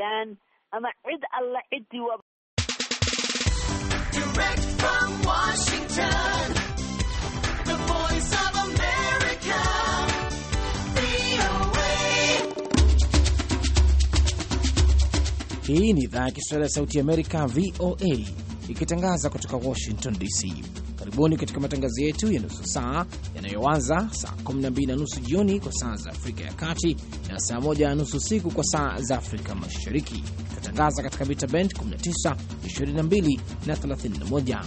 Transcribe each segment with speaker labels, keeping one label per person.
Speaker 1: dilaan ama cid alla ciddii
Speaker 2: Hii ni idhaa ya Kiswahili ya Sauti Amerika, VOA, ikitangaza kutoka Washington DC. Karibuni katika matangazo yetu ya nusu saa yanayoanza saa 12 na nusu jioni kwa saa za Afrika ya Kati na saa 1 na nusu usiku kwa saa za Afrika Mashariki. Tunatangaza katika mita bend 19, 22 na 31.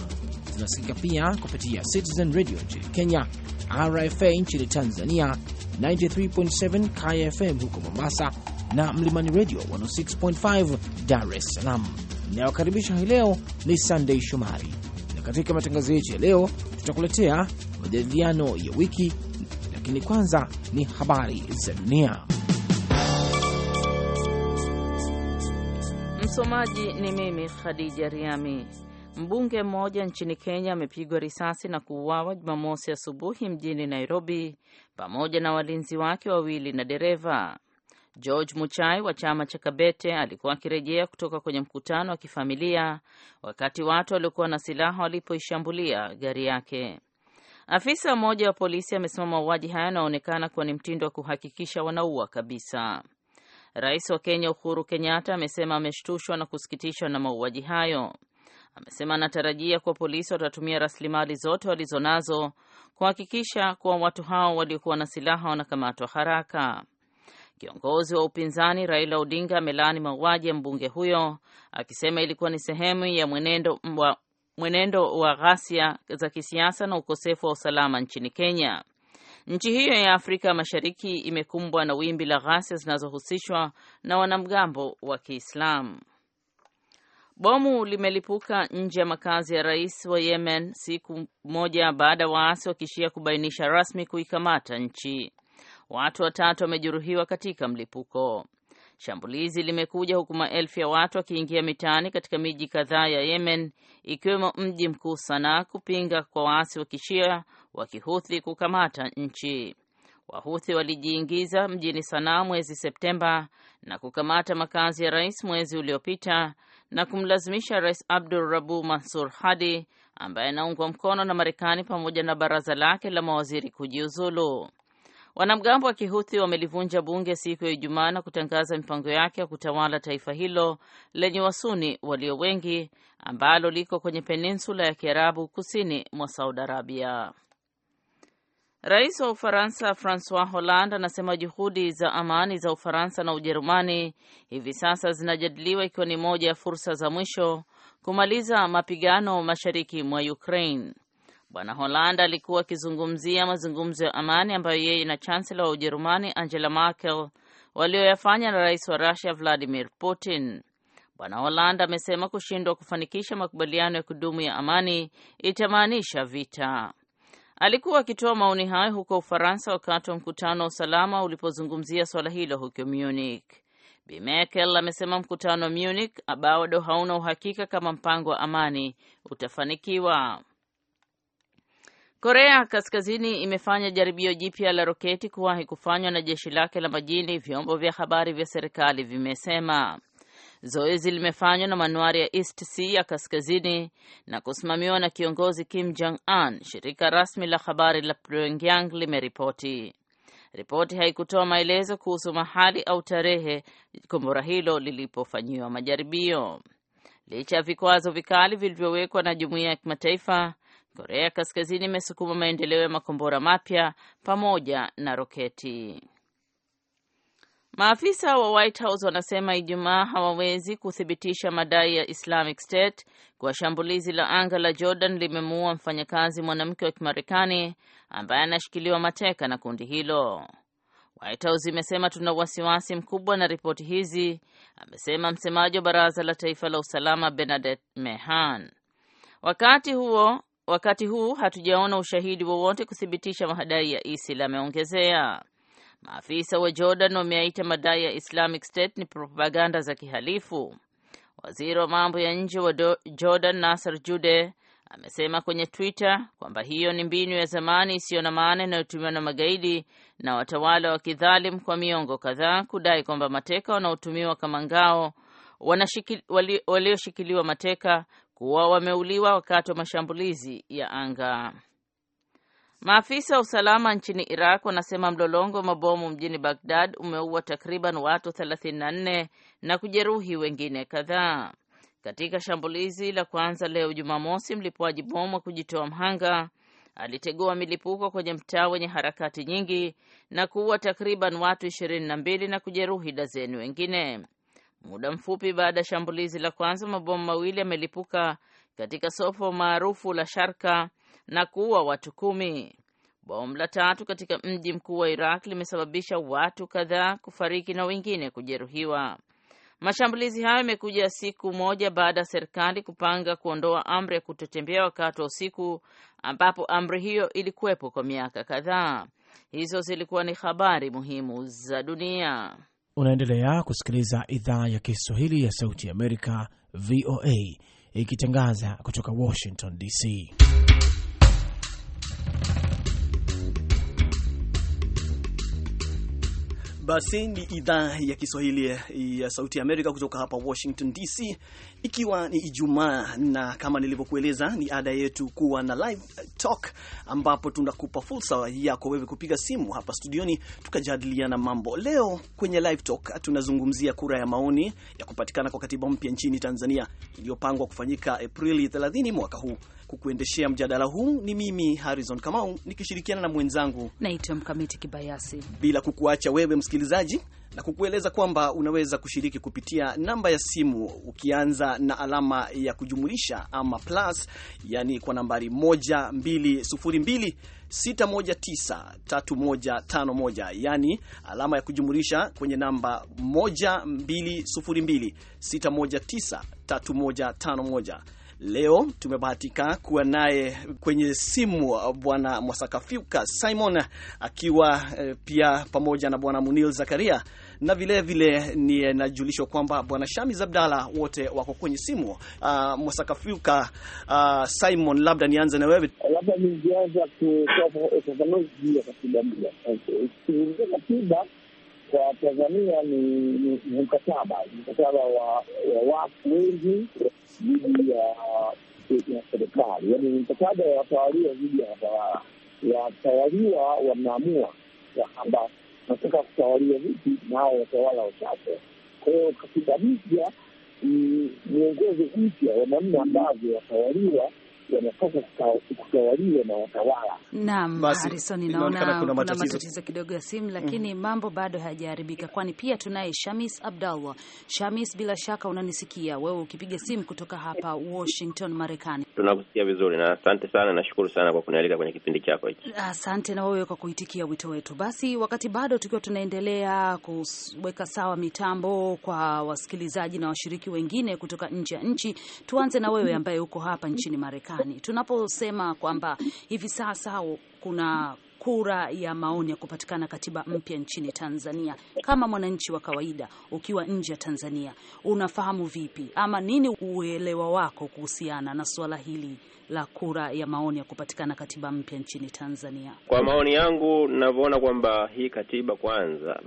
Speaker 2: Tunasikika pia kupitia Citizen Radio nchini Kenya, RFA nchini Tanzania, 93.7 KFM huko Mombasa na Mlimani Radio 106.5 Dar es Salaam. Inayokaribisha hii leo ni Sunday Shomari katika matangazo yetu ya leo, tutakuletea majadiliano ya wiki, lakini kwanza ni habari za dunia.
Speaker 3: Msomaji ni mimi Khadija Riami. Mbunge mmoja nchini Kenya amepigwa risasi na kuuawa Jumamosi asubuhi mjini Nairobi pamoja na walinzi wake wawili na dereva. George Muchai wa chama cha Kabete alikuwa akirejea kutoka kwenye mkutano wa kifamilia wakati watu waliokuwa na silaha walipoishambulia gari yake. Afisa mmoja wa polisi amesema mauaji haya yanaonekana kuwa ni mtindo wa kuhakikisha wanaua kabisa. Rais wa Kenya Uhuru Kenyatta amesema ameshtushwa na kusikitishwa na mauaji hayo. Amesema anatarajia kuwa polisi watatumia rasilimali zote walizonazo kuhakikisha kuwa watu hao waliokuwa na silaha wanakamatwa haraka. Kiongozi wa upinzani Raila Odinga amelaani mauaji ya mbunge huyo akisema ilikuwa ni sehemu ya mwenendo wa, mwenendo wa ghasia za kisiasa na ukosefu wa usalama nchini Kenya. Nchi hiyo ya Afrika Mashariki imekumbwa na wimbi la ghasia zinazohusishwa na wanamgambo wa Kiislamu. Bomu limelipuka nje ya makazi ya rais wa Yemen siku moja baada ya waasi wakishia kubainisha rasmi kuikamata nchi. Watu watatu wamejeruhiwa katika mlipuko. Shambulizi limekuja huku maelfu ya watu wakiingia mitaani katika miji kadhaa ya Yemen ikiwemo mji mkuu Sanaa kupinga kwa waasi wa kishia wa kihuthi kukamata nchi. Wahuthi walijiingiza mjini Sanaa mwezi Septemba na kukamata makazi ya rais mwezi uliopita na kumlazimisha Rais Abdul Rabu Mansur Hadi ambaye anaungwa mkono na Marekani pamoja na baraza lake la mawaziri kujiuzulu. Wanamgambo wa Kihuthi wamelivunja bunge siku ya Ijumaa na kutangaza mipango yake ya kutawala taifa hilo lenye wasuni walio wengi ambalo liko kwenye peninsula ya Kiarabu kusini mwa Saudi Arabia. Rais wa Ufaransa Francois Hollande anasema juhudi za amani za Ufaransa na Ujerumani hivi sasa zinajadiliwa ikiwa ni moja ya fursa za mwisho kumaliza mapigano mashariki mwa Ukraine. Bwana Holand alikuwa akizungumzia mazungumzo ya amani ambayo yeye na chansela wa Ujerumani Angela Merkel walioyafanya na rais wa Rusia Vladimir Putin. Bwana Holand amesema kushindwa kufanikisha makubaliano ya kudumu ya amani itamaanisha vita. Alikuwa akitoa maoni hayo huko Ufaransa wakati wa mkutano wa usalama ulipozungumzia swala hilo huko Munich. Bi Merkel amesema mkutano wa Munich bado hauna uhakika kama mpango wa amani utafanikiwa. Korea Kaskazini imefanya jaribio jipya la roketi kuwahi kufanywa na jeshi lake la majini, vyombo vya habari vya serikali vimesema. Zoezi limefanywa na manuari ya East Sea ya Kaskazini na kusimamiwa na kiongozi Kim Jong Un, shirika rasmi la habari la Pyongyang limeripoti. Ripoti haikutoa maelezo kuhusu mahali au tarehe kombora hilo lilipofanyiwa majaribio. Licha ya vikwazo vikali vilivyowekwa na jumuiya ya kimataifa, Korea Kaskazini imesukuma maendeleo ya makombora mapya pamoja na roketi. Maafisa wa White House wanasema Ijumaa hawawezi kuthibitisha madai ya Islamic State kwa shambulizi la anga la Jordan limemuua mfanyakazi mwanamke wa Kimarekani ambaye anashikiliwa mateka na kundi hilo. White House imesema tuna wasiwasi mkubwa na ripoti hizi, amesema msemaji wa Baraza la Taifa la Usalama Bernadette Mehan. Wakati huo wakati huu hatujaona ushahidi wowote kuthibitisha madai ya ISIL, ameongezea. Maafisa wa Jordan wameaita madai ya Islamic State ni propaganda za kihalifu. Waziri wa mambo ya nje wa Jordan Nasser Jude amesema kwenye Twitter kwamba hiyo ni mbinu ya zamani isiyo na maana inayotumiwa na magaidi na watawala wa kidhalim kwa miongo kadhaa kudai kwamba mateka wanaotumiwa kama ngao walioshikiliwa mateka kuwa wameuliwa wakati wa mashambulizi ya anga. Maafisa wa usalama nchini Iraq wanasema mlolongo wa mabomu mjini Bagdad umeua takriban watu 34 na kujeruhi wengine kadhaa katika shambulizi la kwanza leo Jumamosi. Mlipuaji bomu wa kujitoa mhanga alitegua milipuko kwenye mtaa wenye harakati nyingi na kuua takriban watu 22 na kujeruhi dazeni wengine. Muda mfupi baada ya shambulizi la kwanza, mabomu mawili yamelipuka katika sofo maarufu la Sharka na kuua watu kumi. Bomu la tatu katika mji mkuu wa Iraq limesababisha watu kadhaa kufariki na wengine kujeruhiwa. Mashambulizi hayo yamekuja siku moja baada ya serikali kupanga kuondoa amri ya kutotembea wakati wa usiku, ambapo amri hiyo ilikuwepo kwa miaka kadhaa. Hizo zilikuwa ni habari muhimu za dunia.
Speaker 2: Unaendelea kusikiliza idhaa ya Kiswahili ya Sauti ya Amerika, VOA, ikitangaza kutoka Washington DC.
Speaker 4: Basi ni idhaa ya Kiswahili ya Sauti Amerika kutoka hapa Washington DC, ikiwa ni Ijumaa na kama nilivyokueleza, ni ada yetu kuwa na live talk, ambapo tunakupa fursa yako wewe kupiga simu hapa studioni tukajadiliana mambo. Leo kwenye live talk tunazungumzia kura ya maoni ya kupatikana kwa katiba mpya nchini Tanzania iliyopangwa kufanyika Aprili 30 mwaka huu. Kukuendeshea mjadala huu ni mimi Harrison Kamau nikishirikiana na mwenzangu
Speaker 5: naitwa Mkamiti Kibayasi,
Speaker 4: bila kukuacha wewe msikilizaji, na kukueleza kwamba unaweza kushiriki kupitia namba ya simu ukianza na alama ya kujumulisha ama plus, yani kwa nambari 1202 yani alama ya kujumulisha kwenye namba 1202 Leo tumebahatika kuwa naye kwenye simu uh, Bwana Mwasakafiuka Simon uh, akiwa uh, pia pamoja na Bwana Munil Zakaria na vilevile ninajulishwa kwamba Bwana Shamis Zabdala wote wako kwenye simu. Uh, Mwasakafiuka uh, Simon, labda nianze na wewe.
Speaker 6: Labda nianza kutoa juu ya katiba mpya. Kuzungumzia katiba kwa Tanzania ni mkataba, mkataba wa watu wengi dhidi ya serikali, yaani mkataba ya watawaliwa dhidi ya watawala. Watawaliwa wameamua ya kwamba nataka kutawaliwa vipi na hao watawala wachache. Kwa hiyo katiba mpya miongozo mpya wa namna ambavyo watawaliwa wanatoka kutawaliwa
Speaker 5: na watawala. Naam, Harison, inaona kuna matatizo kidogo ya simu, lakini mm, mambo bado hayajaharibika, kwani pia tunaye Shamis Abdallah. Shamis, bila shaka unanisikia wewe ukipiga simu kutoka hapa Washington, Marekani.
Speaker 7: Tunakusikia vizuri na asante sana, nashukuru sana kwa kunialika kwenye kipindi chako hichi.
Speaker 5: Asante na wewe kwa kuitikia wito wetu. Basi wakati bado tukiwa tunaendelea kuweka sawa mitambo kwa wasikilizaji na washiriki wengine kutoka nje ya nchi, tuanze na wewe ambaye uko hapa nchini Marekani. Marekani. Tunaposema kwamba hivi sasa kuna kura ya maoni ya kupatikana katiba mpya nchini Tanzania, kama mwananchi wa kawaida ukiwa nje ya Tanzania, unafahamu vipi ama nini uelewa wako kuhusiana na suala hili la kura ya maoni ya kupatikana katiba mpya nchini Tanzania? Kwa
Speaker 7: maoni yangu, ninavyoona kwamba hii katiba kwanza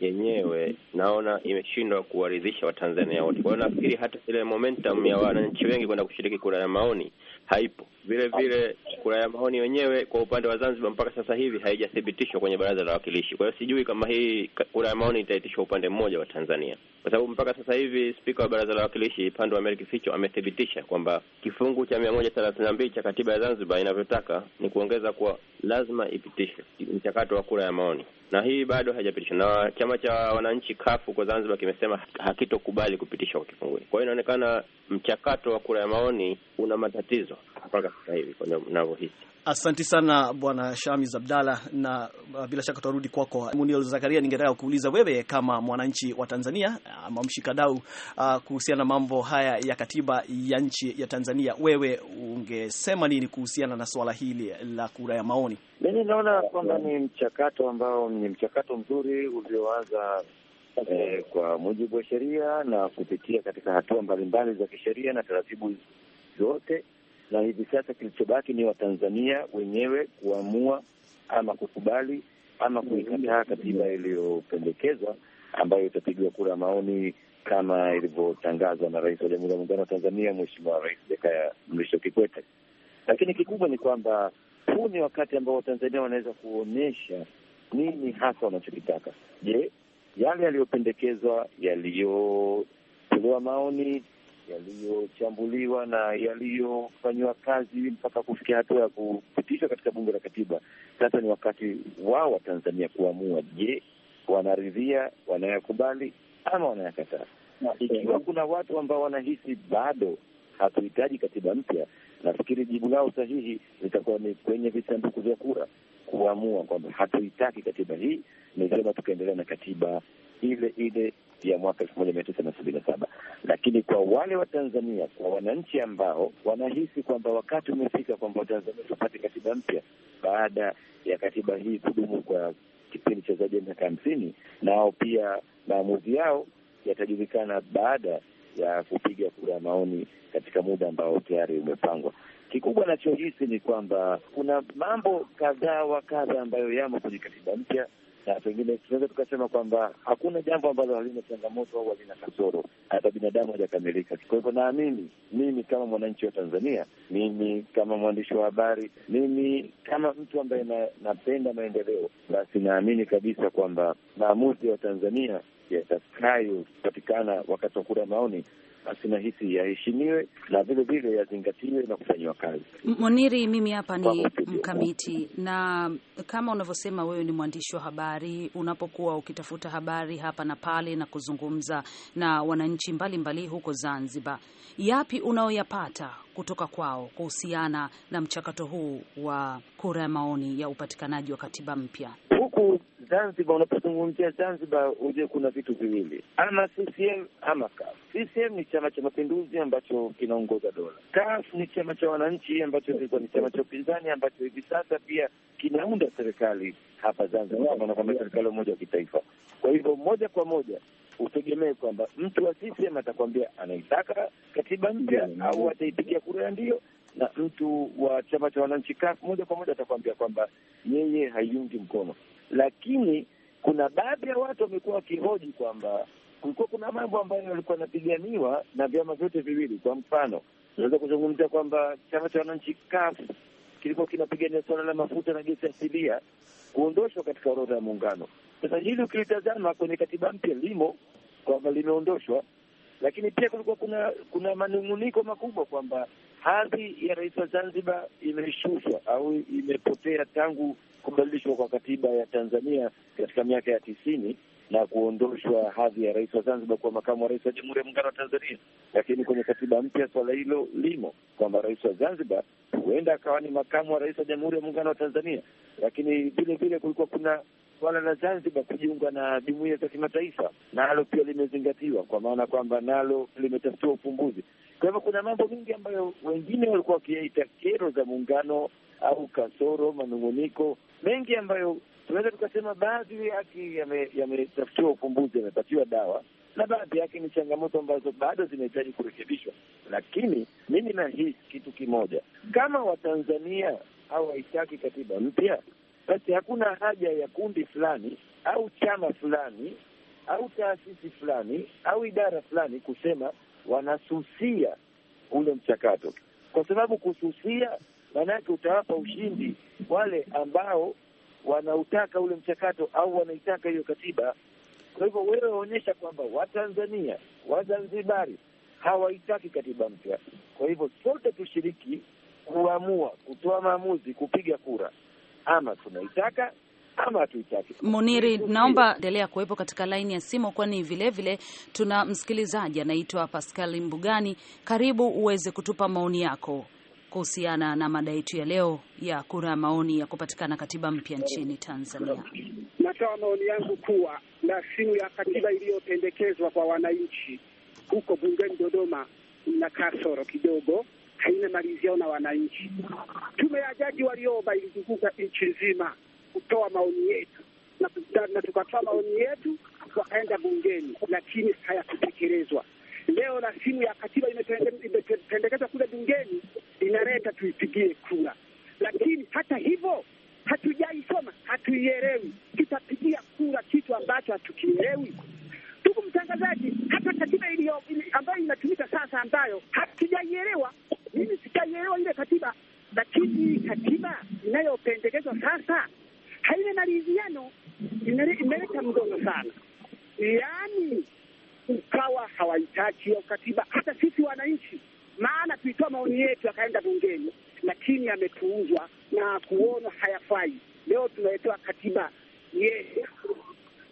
Speaker 7: yenyewe naona imeshindwa kuwaridhisha Watanzania wote. Kwa hiyo nafikiri hata ile momentum ya wananchi wengi kwenda kushiriki kura ya maoni haipo. Vile vile kura ya maoni wenyewe kwa upande wa Zanzibar mpaka sasa hivi haijathibitishwa kwenye baraza la wawakilishi. Kwa hiyo sijui kama hii kura ya maoni itaitishwa upande mmoja wa Tanzania, kwa sababu mpaka sasa hivi spika wa baraza la wawakilishi pande wa Meri Kificho amethibitisha kwamba kifungu cha mia moja thelathini na mbili cha katiba ya Zanzibar inavyotaka ni kuongeza kuwa lazima ipitishwe mchakato wa kura ya maoni, na hii bado haijapitishwa, na chama cha wananchi kafu kwa Zanzibar kimesema hakitokubali kupitishwa kwa kifungu Kwa hiyo inaonekana mchakato wa kura ya maoni una matatizo mpaka sasa hivi navyohisi.
Speaker 4: Asanti sana Bwana Shamis Abdalla, na uh, bila shaka tutarudi kwako kwa. Muniel Zakaria, ningetaka kuuliza wewe kama mwananchi wa Tanzania uh, ama mshikadau uh, kuhusiana na mambo haya ya katiba ya nchi ya Tanzania, wewe ungesema nini kuhusiana na suala hili la kura ya maoni?
Speaker 6: Mimi naona kwamba ni mchakato ambao ni mchakato mzuri ulioanza eh, kwa mujibu wa sheria na kupitia katika hatua mbalimbali za kisheria na taratibu zote na hivi sasa kilichobaki ni Watanzania wenyewe kuamua ama kukubali ama kuikataa katiba iliyopendekezwa ambayo itapigiwa kura maoni kama ilivyotangazwa na Rais wa Jamhuri ya Muungano wa Tanzania, Mheshimiwa Rais Jakaya Mrisho Kikwete. Lakini kikubwa ni kwamba huu ni wakati ambao Watanzania wanaweza kuonyesha nini hasa wanachokitaka. Je, yale yaliyopendekezwa, yaliyotolewa maoni yaliyochambuliwa na yaliyofanyiwa kazi mpaka kufikia hatua ya kupitishwa katika bunge la katiba. Sasa ni wakati wao wa Tanzania kuamua, je, wanaridhia, wanayakubali ama wanayakataa? Ikiwa kuna watu ambao wanahisi bado hatuhitaji katiba mpya, nafikiri jibu lao sahihi litakuwa ni kwenye visanduku vya kura kuamua kwamba hatuhitaki katiba hii, ni vyema tukaendelea na katiba ile ile ya mwaka elfu moja mia tisa na sabini na saba. Lakini kwa wale Watanzania, kwa wananchi ambao wanahisi kwamba wakati umefika kwamba Watanzania tupate katiba mpya baada ya katiba hii kudumu kwa kipindi cha zaidi ya miaka hamsini, nao pia maamuzi yao yatajulikana baada ya kupiga kura ya maoni katika muda ambao tayari umepangwa. Kikubwa nachohisi ni kwamba kuna mambo kadhaa wa kadha ambayo yamo kwenye katiba mpya na pengine tunaweza tukasema kwamba hakuna jambo ambalo halina changamoto au halina kasoro. Hata binadamu hajakamilika. Kwa hivyo, naamini mimi kama mwananchi wa Tanzania, mimi kama mwandishi wa habari, mimi kama mtu ambaye na, napenda maendeleo, basi naamini kabisa kwamba maamuzi ya Tanzania yatakayopatikana wakati wa kura maoni basi yaheshimiwe na vile vile yazingatiwe na kufanyiwa kazi.
Speaker 5: Moniri, mimi hapa ni mkamiti, na kama unavyosema wewe ni mwandishi wa habari, unapokuwa ukitafuta habari hapa na pale na kuzungumza na wananchi mbalimbali mbali huko Zanzibar, yapi unaoyapata kutoka kwao kuhusiana na mchakato huu wa kura ya maoni ya upatikanaji wa katiba mpya? Huku
Speaker 6: Zanzibar, unapozungumzia Zanzibar hujue kuna vitu viwili, ama CCM ama CAF. CCM ni Chama cha Mapinduzi ambacho kinaongoza dola. CAF ni chama cha wananchi ambacho kilikuwa ni chama cha upinzani ambacho hivi sasa pia kinaunda serikali hapa Zanzibar, kama unakwambia serikali ya umoja wa kitaifa. Kwa hivyo moja kwa moja utegemee kwamba mtu wa CCM atakwambia anaitaka katiba mpya au ataipigia kura ya ndio, na mtu wa chama cha wananchi CUF moja kwa moja atakwambia kwamba yeye haiungi mkono lakini kuna baadhi ya watu wamekuwa wakihoji kwamba kulikuwa kuna mambo ambayo yalikuwa yanapiganiwa na vyama vyote viwili. Kwa mfano, unaweza kuzungumzia kwamba chama cha wananchi kafu kilikuwa kinapigania suala la mafuta na gesi asilia kuondoshwa katika orodha ya muungano. Sasa hili ukilitazama kwenye katiba mpya limo kwamba limeondoshwa, lakini pia kulikuwa kuna kuna manung'uniko makubwa kwamba hadhi ya rais wa Zanzibar imeshushwa au imepotea tangu kubadilishwa kwa katiba ya Tanzania katika miaka ya tisini na kuondoshwa hadhi ya rais wa Zanzibar kuwa makamu wa rais wa Jamhuri ya Muungano wa Tanzania. Lakini kwenye katiba mpya suala hilo limo kwamba rais wa Zanzibar huenda akawa ni makamu wa rais wa Jamhuri ya Muungano wa Tanzania. Lakini vile vile kulikuwa kuna swala la Zanzibar kujiunga na jumuiya za kimataifa nalo pia limezingatiwa, kwa maana kwamba nalo limetafutiwa ufumbuzi. Kwa hivyo kuna mambo mengi ambayo wengine walikuwa wakiyaita kero za muungano au kasoro, manung'uniko mengi ambayo tunaweza tukasema baadhi yake yametafutiwa yame ufumbuzi, yamepatiwa dawa na baadhi yake ni changamoto ambazo bado zinahitaji kurekebishwa. Lakini mimi nahisi kitu kimoja, kama Watanzania hawaitaki katiba mpya, basi hakuna haja ya kundi fulani au chama fulani au taasisi fulani au idara fulani kusema wanasusia ule mchakato, kwa sababu kususia maanake utawapa ushindi wale ambao wanautaka ule mchakato au wanaitaka hiyo katiba. Kwa hivyo wewe waonyesha kwamba Watanzania, Wazanzibari hawaitaki katiba mpya. Kwa hivyo sote tushiriki kuamua, kutoa maamuzi, kupiga kura ama tunaitaka ama tuitaki
Speaker 5: Muniri, naomba endelea kuwepo katika laini ya simu, kwani vilevile tuna msikilizaji anaitwa Pascal Mbugani. Karibu uweze kutupa maoni yako kuhusiana na mada yetu ya leo ya kura ya maoni ya kupatikana katiba mpya nchini Tanzania.
Speaker 1: Natoa maoni yangu kuwa na simu ya katiba iliyopendekezwa kwa wananchi huko bungeni Dodoma na kasoro kidogo haina malizio na wananchi. Tume ya jaji walioba ilizunguka nchi nzima kutoa maoni yetu na tukatoa maoni yetu, wakaenda bungeni, lakini hayakutekelezwa. Leo rasimu ya katiba imependekezwa kule bungeni, inaleta tuipigie kura, lakini hata hivyo hatujaisoma, hatuielewi. Tutapigia kura kitu ambacho hatukielewi. Ndugu mtangazaji, hata katiba ambayo inatumika sasa, ambayo hatujaielewa mimi sikaielewa ile katiba, lakini katiba inayopendekezwa sasa haina maridhiano, imeleta mgozo sana, yaani ukawa hawahitaji hiyo katiba hata sisi wananchi, maana tuitoa maoni yetu akaenda bungeni, lakini ametuuzwa na kuona hayafai. Leo tunaletewa katiba yetu,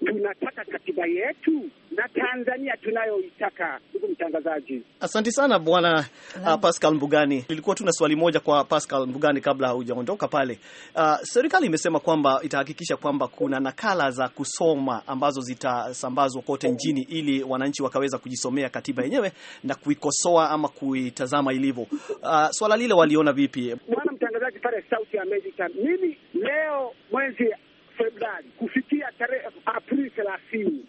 Speaker 1: tunataka katiba yetu na Tanzania tunayoitaka. Ndugu mtangazaji,
Speaker 4: asante sana bwana uh, Pascal Mbugani. Lilikuwa tuna swali moja kwa Pascal Mbugani kabla haujaondoka pale. Uh, serikali imesema kwamba itahakikisha kwamba kuna nakala za kusoma ambazo zitasambazwa kote nchini ili wananchi wakaweza kujisomea katiba yenyewe na kuikosoa ama kuitazama ilivyo. Uh, swala lile waliona vipi, bwana
Speaker 1: mtangazaji, pale Sauti ya Amerika? Mimi leo mwezi Februari kufikia tarehe Aprili thelathini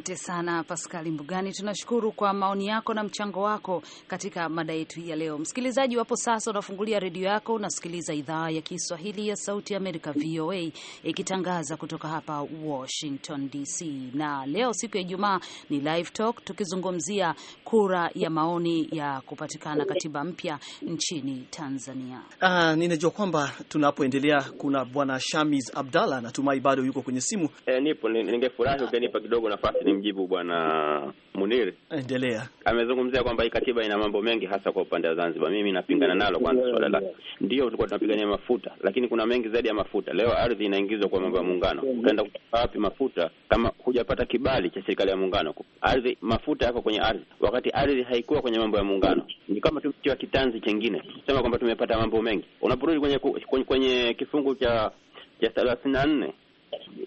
Speaker 5: Asante sana Paskali Mbugani, tunashukuru kwa maoni yako na mchango wako katika mada yetu ya leo. Msikilizaji wapo sasa, unafungulia redio yako, unasikiliza idhaa ya Kiswahili ya Sauti Amerika, VOA, ikitangaza kutoka hapa Washington DC. Na leo siku ya Ijumaa ni Live Talk, tukizungumzia kura ya maoni ya kupatikana katiba mpya nchini Tanzania.
Speaker 4: Ah, ninajua kwamba tunapoendelea kuna bwana Shamiz Abdalla,
Speaker 7: natumai bado yuko kwenye simu. E, nipo. Ningefurahi ukinipa kidogo nafasi nimjibu bwana Munir. Endelea. Amezungumzia kwamba hii katiba ina mambo mengi, hasa kwa upande wa Zanzibar. Mimi napingana nalo. Kwanza swala la ndio, tulikuwa tunapigania mafuta, lakini kuna mengi zaidi ya mafuta. Leo ardhi inaingizwa kwa mambo ya muungano, ukaenda wapi mafuta kama hujapata kibali cha serikali ya muungano? Ardhi, mafuta yako kwenye ardhi wakati wakati ardhi haikuwa kwenye mambo ya muungano. Ni kama tu wa kitanzi chengine sema kwamba tumepata mambo mengi. Unaporudi kwenye, kwenye, kwenye kifungu cha cha thelathini na nne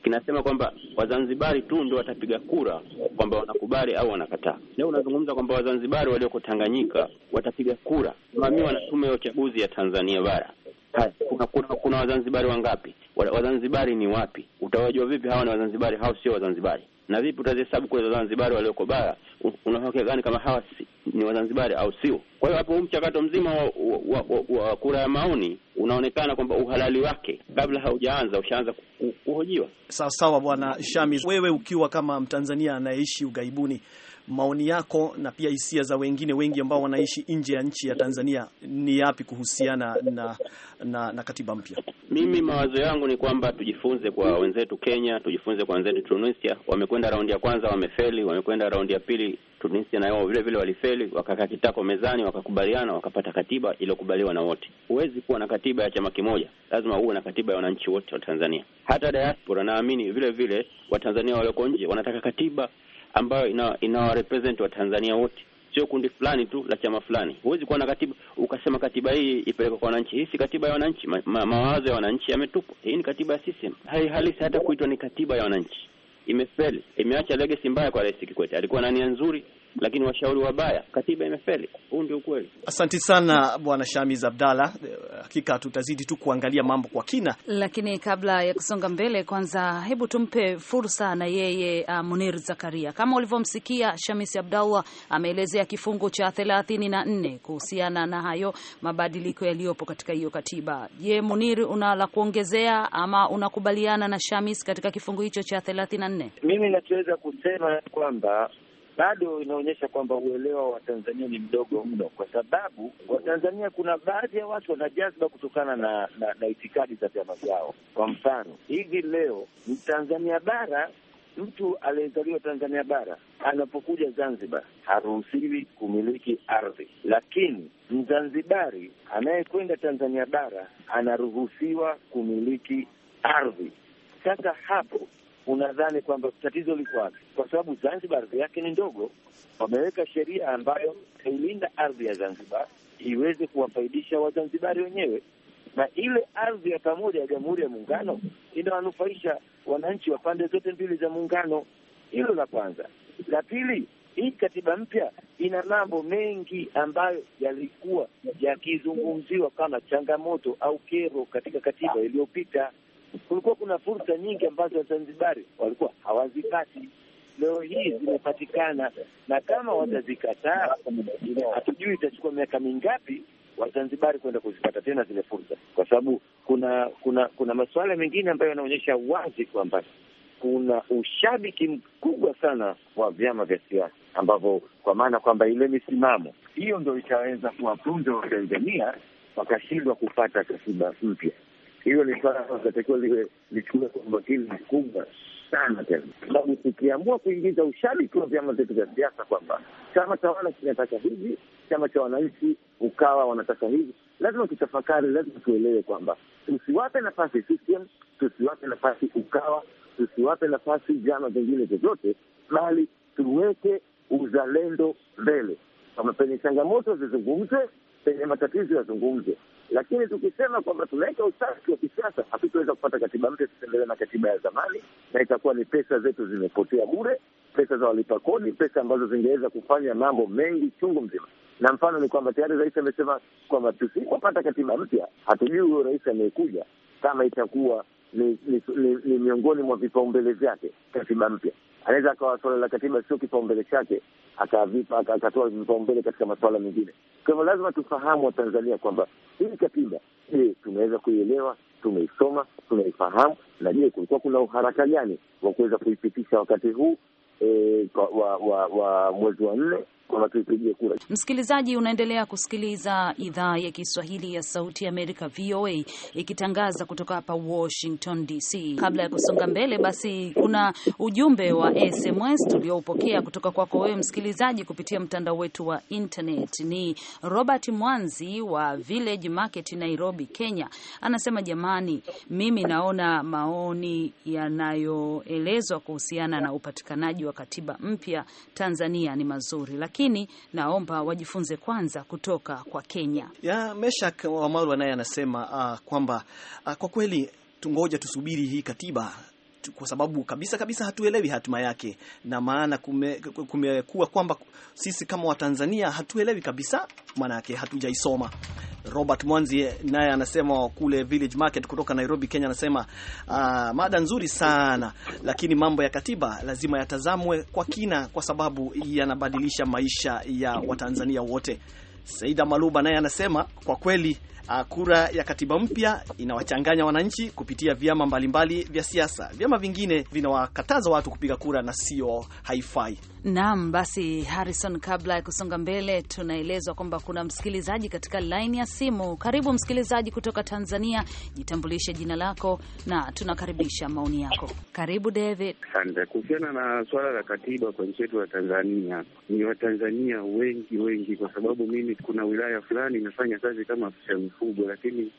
Speaker 7: kinasema kwamba Wazanzibari tu ndio watapiga kura kwamba wanakubali au wanakataa. Leo unazungumza kwamba Wazanzibari walioko Tanganyika watapiga kura simamiwa na tume ya uchaguzi ya Tanzania Bara. kuna, kuna, kuna Wazanzibari wangapi? Wazanzibari ni wapi? Utawajua vipi hawa ni Wazanzibari hao sio Wazanzibari? na vipi utazihesabu kwa Wazanzibari walioko bara? Una gani kama hawa ni Wazanzibari au sio? Kwa hiyo hapo huu mchakato mzima wa, wa, wa, wa kura ya maoni unaonekana kwamba uhalali wake kabla haujaanza ushaanza
Speaker 4: kuhojiwa. Sawa sawa, Bwana Shamis, wewe ukiwa kama Mtanzania anayeishi ughaibuni maoni yako na pia hisia za wengine wengi ambao wanaishi nje ya nchi ya Tanzania ni yapi kuhusiana na, na, na katiba mpya?
Speaker 7: Mimi mawazo yangu ni kwamba tujifunze kwa wenzetu Kenya, tujifunze kwa wenzetu Tunisia. Wamekwenda raundi ya kwanza wamefeli, wamekwenda raundi ya pili Tunisia na wao vile vile walifeli, wakakaa kitako mezani, wakakubaliana, wakapata katiba iliyokubaliwa na wote. Huwezi kuwa na katiba ya chama kimoja, lazima uwe na katiba ya wananchi wote wa Tanzania. Hata diaspora naamini vile vile Watanzania walioko nje wanataka katiba ambayo ina, wa Watanzania wote, sio kundi fulani tu la chama fulani. Huwezi kuwa na katiba ukasema katiba hii ipelekwe kwa wananchi. Hii si katiba ya wananchi. Ma, ma, mawazo ya wananchi yametupwa. Hii ni katiba ya CCM, haihalisi hata kuitwa ni katiba ya wananchi. Imefeli, imeacha legacy mbaya kwa Rais Kikwete. Alikuwa na nia nzuri lakini washauri wabaya, katiba imefeli. Huu ndio ukweli.
Speaker 4: Asanti sana Bwana Shamiz Abdalla, hakika tutazidi tu kuangalia mambo kwa kina,
Speaker 5: lakini kabla ya kusonga mbele, kwanza hebu tumpe fursa na yeye uh, Munir Zakaria. Kama ulivyomsikia Shamis Abdallah ameelezea kifungu cha thelathini na nne kuhusiana na hayo mabadiliko yaliyopo katika hiyo katiba. Je, Munir, una la kuongezea ama unakubaliana na Shamis katika kifungu hicho cha thelathini na nne? Mimi nachoweza kusema kwamba
Speaker 6: bado inaonyesha kwamba uelewa wa Tanzania ni mdogo mno, kwa sababu Watanzania kuna baadhi ya watu wana jazba kutokana na, na, na itikadi za vyama vyao. Kwa mfano, hivi leo Mtanzania bara mtu aliyezaliwa Tanzania bara anapokuja Zanzibar haruhusiwi kumiliki ardhi, lakini Mzanzibari anayekwenda Tanzania bara anaruhusiwa kumiliki ardhi. Sasa hapo unadhani kwamba tatizo liko wapi? Kwa sababu Zanzibar ardhi yake ni ndogo, wameweka sheria ambayo itailinda ardhi ya Zanzibar iweze kuwafaidisha Wazanzibari wenyewe, na ile ardhi ya pamoja ya Jamhuri ya Muungano inawanufaisha wananchi wa pande zote mbili za Muungano. Hilo la kwanza. La pili, hii katiba mpya ina mambo mengi ambayo yalikuwa yakizungumziwa kama changamoto au kero katika katiba iliyopita kulikuwa kuna fursa nyingi ambazo Wazanzibari walikuwa hawazipati, leo hii zimepatikana, na kama watazikataa, hatujui itachukua miaka mingapi Wazanzibari kwenda kuzipata tena zile fursa, kwa sababu kuna kuna kuna masuala mengine ambayo yanaonyesha wazi kwamba kuna ushabiki mkubwa sana wa vyama vya siasa ambavyo, kwa maana kwamba ile misimamo hiyo ndo itaweza kuwapunja Watanzania wakashindwa kupata katiba mpya hiyo ni swala ambalo linatakiwa liwe lichukuliwe kwa umakini mkubwa sana tena, sababu tukiamua kuingiza ushabiki wa vyama vyetu vya siasa kwamba chama tawala kinataka hivi, chama cha wananchi ukawa wanataka hivi, lazima tutafakari, lazima tuelewe kwamba tusiwape nafasi tusiwape nafasi ukawa, tusiwape nafasi vyama vingine vyovyote, bali tuweke uzalendo mbele. Kama penye changamoto zizungumzwe, penye matatizo yazungumzwe, lakini tukisema kwamba tunaweka usafi wa kisiasa, hatutaweza kupata katiba mpya, tutaendelea na katiba ya zamani, na itakuwa ni pesa zetu zimepotea bure, pesa za walipa kodi, pesa ambazo zingeweza kufanya mambo mengi chungu mzima. Na mfano ni kwamba tayari rais amesema kwamba tusipopata katiba mpya, hatujui huyo rais anayekuja kama itakuwa ni, ni, ni, ni miongoni mwa vipaumbele vyake katiba mpya anaweza akawa suala la katiba sio kipaumbele chake, akavipa akatoa vipaumbele katika masuala mengine. Kwa hivyo lazima tufahamu Watanzania kwamba hii katiba, je, tunaweza kuielewa? Tumeisoma, tunaifahamu? Na je, kulikuwa kuna uharaka gani wa kuweza kuipitisha wakati huu e, eh, wa, wa, wa, wa mwezi wa nne wanatuipigia kura.
Speaker 5: Msikilizaji, unaendelea kusikiliza idhaa ya Kiswahili ya Sauti ya Amerika, VOA, ikitangaza kutoka hapa Washington DC. Kabla ya kusonga mbele, basi kuna ujumbe wa SMS tulioupokea kutoka kwako wewe msikilizaji kupitia mtandao wetu wa internet. Ni Robert Mwanzi wa Village Market, Nairobi, Kenya, anasema jamani, mimi naona maoni yanayoelezwa kuhusiana na upatikanaji wa katiba mpya Tanzania ni mazuri lakini naomba wajifunze kwanza kutoka kwa Kenya.
Speaker 4: Ya, Meshak Wamarwa naye anasema uh, kwamba uh, kwa kweli tungoja tusubiri hii katiba kwa sababu kabisa kabisa hatuelewi hatima yake, na maana kumekuwa kume kwamba sisi kama Watanzania hatuelewi kabisa, maana yake hatujaisoma. Robert Mwanzi naye anasema kule Village Market kutoka Nairobi, Kenya, anasema ah, mada nzuri sana lakini mambo ya katiba lazima yatazamwe kwa kina, kwa sababu yanabadilisha maisha ya Watanzania wote. Saida Maluba naye anasema kwa kweli Ah, kura ya katiba mpya inawachanganya wananchi kupitia vyama mbalimbali vya siasa. Vyama vingine vinawakataza watu kupiga kura na sio haifai.
Speaker 5: Naam, basi Harrison, kabla ya kusonga mbele, tunaelezwa kwamba kuna msikilizaji katika laini ya simu. Karibu msikilizaji kutoka Tanzania, jitambulishe jina lako na tunakaribisha maoni yako. Karibu David.
Speaker 6: Asante. Kuhusiana na suala la katiba kwa nchi yetu ya Tanzania, ni Watanzania wengi wengi, kwa sababu mimi kuna wilaya fulani imefanya kazi kama afisa kubwa lakini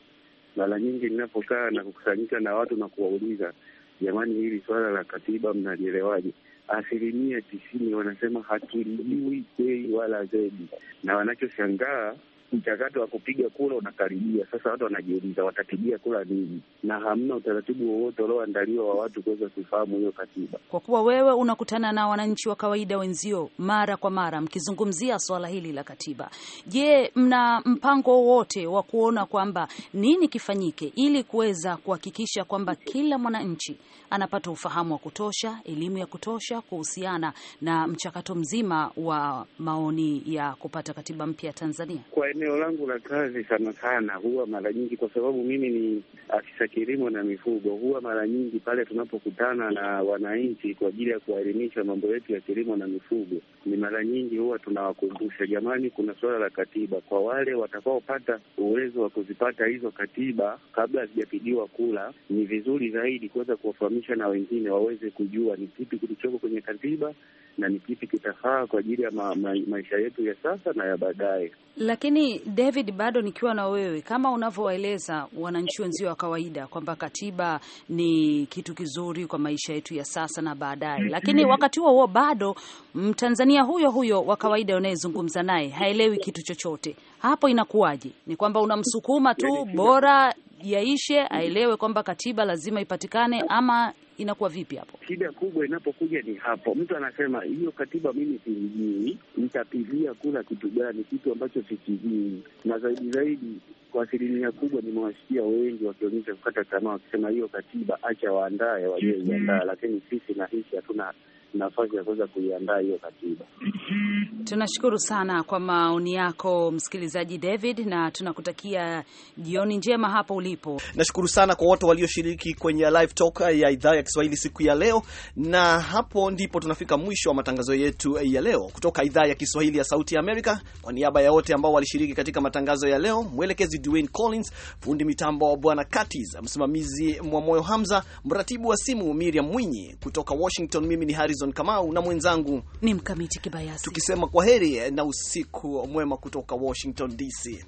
Speaker 6: mara nyingi ninapokaa na kukusanyika na watu na kuwauliza, jamani, hili swala la katiba mnalielewaje? Asilimia tisini wanasema hatulijui bei wala zedi na wanachoshangaa mchakato wa kupiga kura unakaribia sasa. Watu wanajiuliza watapigia kura nini, na hamna utaratibu wowote ulioandaliwa wa watu kuweza kufahamu hiyo katiba.
Speaker 5: Kwa kuwa wewe unakutana na wananchi wa kawaida wenzio mara kwa mara mkizungumzia swala hili la katiba, je, mna mpango wowote wa kuona kwamba nini kifanyike ili kuweza kuhakikisha kwamba kila mwananchi anapata ufahamu wa kutosha, elimu ya kutosha kuhusiana na mchakato mzima wa maoni ya kupata katiba mpya ya Tanzania
Speaker 6: kwa eneo langu la kazi sana sana huwa mara nyingi, kwa sababu mimi ni afisa kilimo na mifugo, huwa mara nyingi pale tunapokutana na wananchi kwa ajili ya kuwaelimisha mambo yetu ya kilimo na
Speaker 7: mifugo, ni mara
Speaker 6: nyingi huwa tunawakumbusha, jamani, kuna suala la katiba. Kwa wale watakaopata uwezo wa kuzipata hizo katiba kabla hazijapigiwa kula, ni vizuri zaidi kuweza kuwafahamisha na wengine waweze kujua ni kipi kilichoko kwenye katiba na ni kipi kitafaa kwa ajili ya ma ma maisha yetu ya sasa na ya baadaye,
Speaker 5: lakini lakini David, bado nikiwa na wewe, kama unavyowaeleza wananchi wenzio wa kawaida kwamba katiba ni kitu kizuri kwa maisha yetu ya sasa na baadaye, mm-hmm. lakini wakati huo huo bado mtanzania huyo huyo wa kawaida unayezungumza naye haelewi kitu chochote, hapo inakuwaje? Ni kwamba unamsukuma tu yaani bora yaishe aelewe kwamba katiba lazima ipatikane, ama inakuwa vipi hapo?
Speaker 6: Shida kubwa inapokuja ni hapo, mtu anasema hiyo katiba mimi sijui, nitapigia kula kitu gani? Kitu ambacho sikijui, na zaidi zaidi kwa asilimia kubwa nimewasikia wengi wakionyesha kukata tamaa, wakisema hiyo katiba acha waandae walioiandaa, mm-hmm. lakini sisi na hisi hatuna nafasi ya kuweza kuiandaa hiyo katiba.
Speaker 5: Tunashukuru sana kwa maoni yako msikilizaji David, na tunakutakia jioni njema hapo ulipo.
Speaker 4: Nashukuru sana kwa wote walioshiriki kwenye live talk ya idhaa ya Kiswahili siku ya leo, na hapo ndipo tunafika mwisho wa matangazo yetu ya leo kutoka idhaa ya Kiswahili ya Sauti ya Amerika. Kwa niaba ya wote ambao walishiriki katika matangazo ya leo, mwelekezi Dwayne Collins, fundi mitambo wa Bwana Katis, msimamizi Mwamoyo Hamza, mratibu wa simu Miriam Mwinyi, kutoka Washington, mimi ni Harrison Harrison Kamau na mwenzangu
Speaker 5: ni Mkamiti Kibayasi,
Speaker 4: tukisema kwa heri na usiku mwema kutoka Washington DC.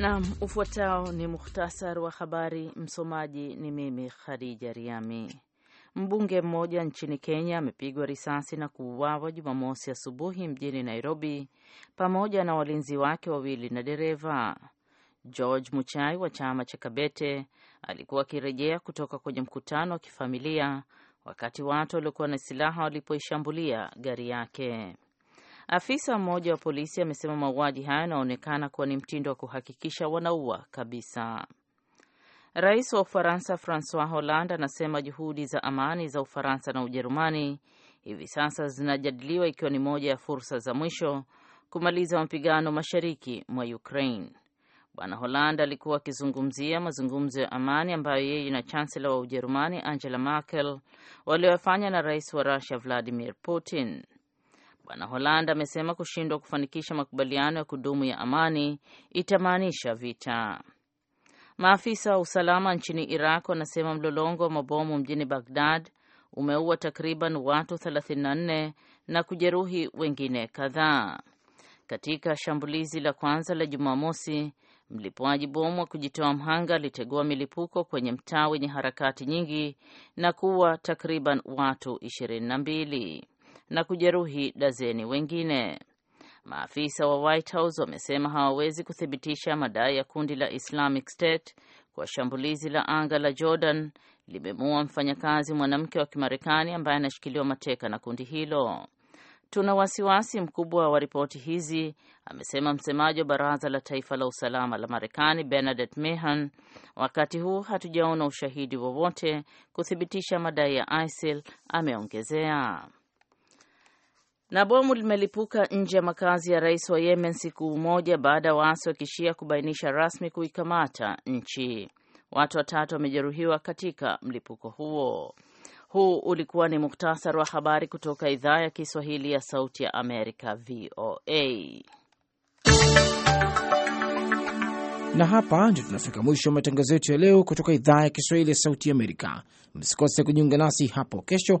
Speaker 3: Naam, ufuatao ni muhtasar wa habari. Msomaji ni mimi Khadija Riami. Mbunge mmoja nchini Kenya amepigwa risasi na kuuawa Jumamosi asubuhi mjini Nairobi pamoja na walinzi wake wawili na dereva. George Muchai wa chama cha Kabete alikuwa akirejea kutoka kwenye mkutano wa kifamilia wakati watu waliokuwa na silaha walipoishambulia gari yake. Afisa mmoja wa polisi amesema mauaji hayo yanaonekana kuwa ni mtindo wa kuhakikisha wanaua kabisa. Rais wa Ufaransa Francois Hollande anasema juhudi za amani za Ufaransa na Ujerumani hivi sasa zinajadiliwa ikiwa ni moja ya fursa za mwisho kumaliza mapigano mashariki mwa Ukraine. Bwana Hollande alikuwa akizungumzia mazungumzo ya amani ambayo yeye na chansela wa Ujerumani Angela Merkel walioyafanya na rais wa rusia Vladimir Putin. Bwana Holand amesema kushindwa kufanikisha makubaliano ya kudumu ya amani itamaanisha vita. Maafisa wa usalama nchini Iraq wanasema mlolongo wa mabomu mjini Bagdad umeua takriban watu 34 na kujeruhi wengine kadhaa. Katika shambulizi la kwanza la Jumamosi, mlipuaji bomu wa kujitoa mhanga alitegua milipuko kwenye mtaa wenye harakati nyingi na kuua takriban watu mbili na kujeruhi dazeni wengine. Maafisa wa White House wamesema hawawezi kuthibitisha madai ya kundi la Islamic State kwa shambulizi la anga la Jordan limemuua mfanyakazi mwanamke wa Kimarekani ambaye anashikiliwa mateka na kundi hilo. Tuna wasiwasi mkubwa wa ripoti hizi, amesema msemaji wa Baraza la Taifa la Usalama la Marekani Bernadette Mehan. Wakati huu hatujaona ushahidi wowote kuthibitisha madai ya ISIL, ameongezea. Na bomu limelipuka nje ya makazi ya rais wa Yemen siku moja baada ya waasi wa kishia kubainisha rasmi kuikamata nchi. Watu watatu wamejeruhiwa katika mlipuko huo. Huu ulikuwa ni muktasar wa habari kutoka idhaa ya Kiswahili ya Sauti ya Amerika, VOA.
Speaker 2: Na hapa ndio tunafika mwisho wa matangazo yetu ya leo kutoka idhaa ya Kiswahili ya Sauti ya Amerika. Msikose kujiunga nasi hapo kesho